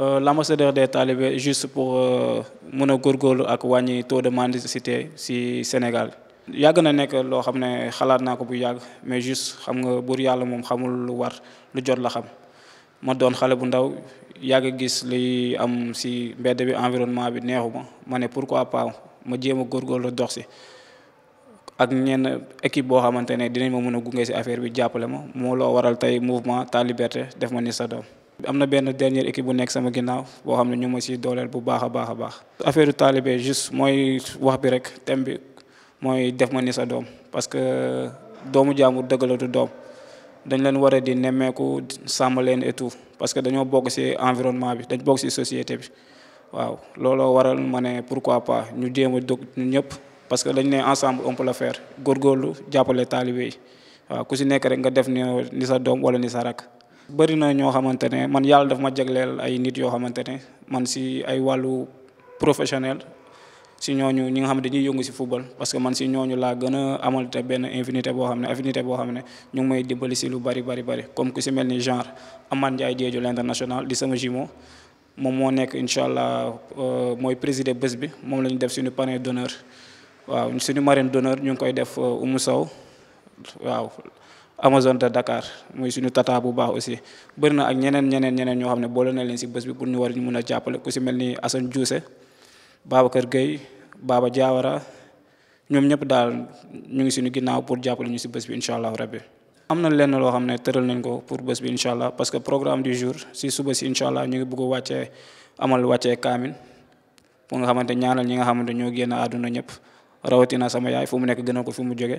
Euh, l'ambassadeur des talibés juste pour euh, mën a góorgóorlu ak wàññi taux de mendicité si Sénégal. yag na nek lo xamné xalat nako bu yag mais juste xam nga bur yalla mom xamul lu war lu jot la xam ma don xalé bu ndaw yag gis li am si mbédé bi environnement bi neexu mané pourquoi pas ma jéem a góorgóorlu dox ci ak ñenn équipe bo xamanténé dinañ ma mën a gunge affaire bi jappalé ma moo loo waral tay mouvement ta liberté def ma ni sa doom. am na benn dernière équipe bu nekk sama ginaaw boo xam ne ñu ma si dooleel bu baax a baax a baax. affaire taalibe juste mooy wax bi rek thème bi mooy def ma ni sa doom parce que doomu jaamur dëgg la doom dañ leen war a di nemmeeku sàmm leen et parce que dañoo bokk si environnement bi dañ bokk si société bi waaw looloo waral ma ne pourquoi pas ñu jéem a dugg ñëpp parce que dañu ne ensemble on peut fair faire góorgóorlu jàppale taalibe waaw ku si nekk rek nga def ni sa doom wala ni sa rak. bëri na ñoo xamante ne man yàlla daf ma jagleel ay nit yoo xamante ne man si ay wàllu professionnel si ñooñu ñi nga xam ne dañuy yëngu si football parce que man si ñooñu laa gën a amal te benn infinité boo xam ne affinité boo xam ne ñu ngi may dimbali lu bari bari bari comme ku si mel ni genre Amane Ndiaye Diédhiou l'international di sama jumeau moom moo nekk incha allah euh, mooy président bés bi moom la ñu def suñu parrain d'honneur waaw suñu marraine d'honneur ñu ngi koy def euh, Oumou Sow Amazone de Dakar muy suñu tata bu baax aussi bëri na ak ñeneen ñeneen ñeneen ñoo xam ne boole na leen si bés bi pour ñu war ñu mun a jàppale ku si mel ni Assane Diousé Babacar Gueye Baba Diawara ñoom ñëpp daal ñu ngi suñu ginnaaw pour jàppale ñu si bés bi incha allah rabbi am na lenn loo xam ne tëral nañ ko pour bés bi incha allah parce que programme du jour si suba si incha allah ñu ngi bëgg a wàccee amal wàccee kaamin pour nga xamante ñaanal ñi nga xamante ñoo génn àdduna ñëpp rawatina sama yaay fu mu nekk gënal ko fi mu jóge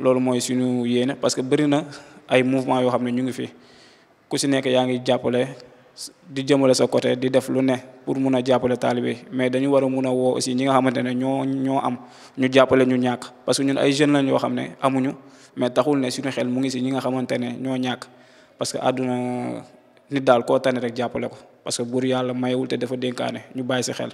loolu mooy suñu yéene parce que bëri na ay mouvement yoo xam ne ñu ngi fi ku si nekk yaa ngi jàppale di jëmale sa côté di def lu ne pour mun a jàppale taalibe mais dañu war a mun a woo aussi ñi nga xamante ne ñoo ñoo am ñu jàppale ñu ñàkk parce que ñun ay jeunes lañ yoo xam ne amuñu mais taxul ne suñu xel mu ngi si ñi nga xamante ne ñoo ñàkk parce que àdduna nit daal koo tane rek jàppale ko parce que buur yàlla mayewul te dafa dénkaane ñu bàyyi si xel.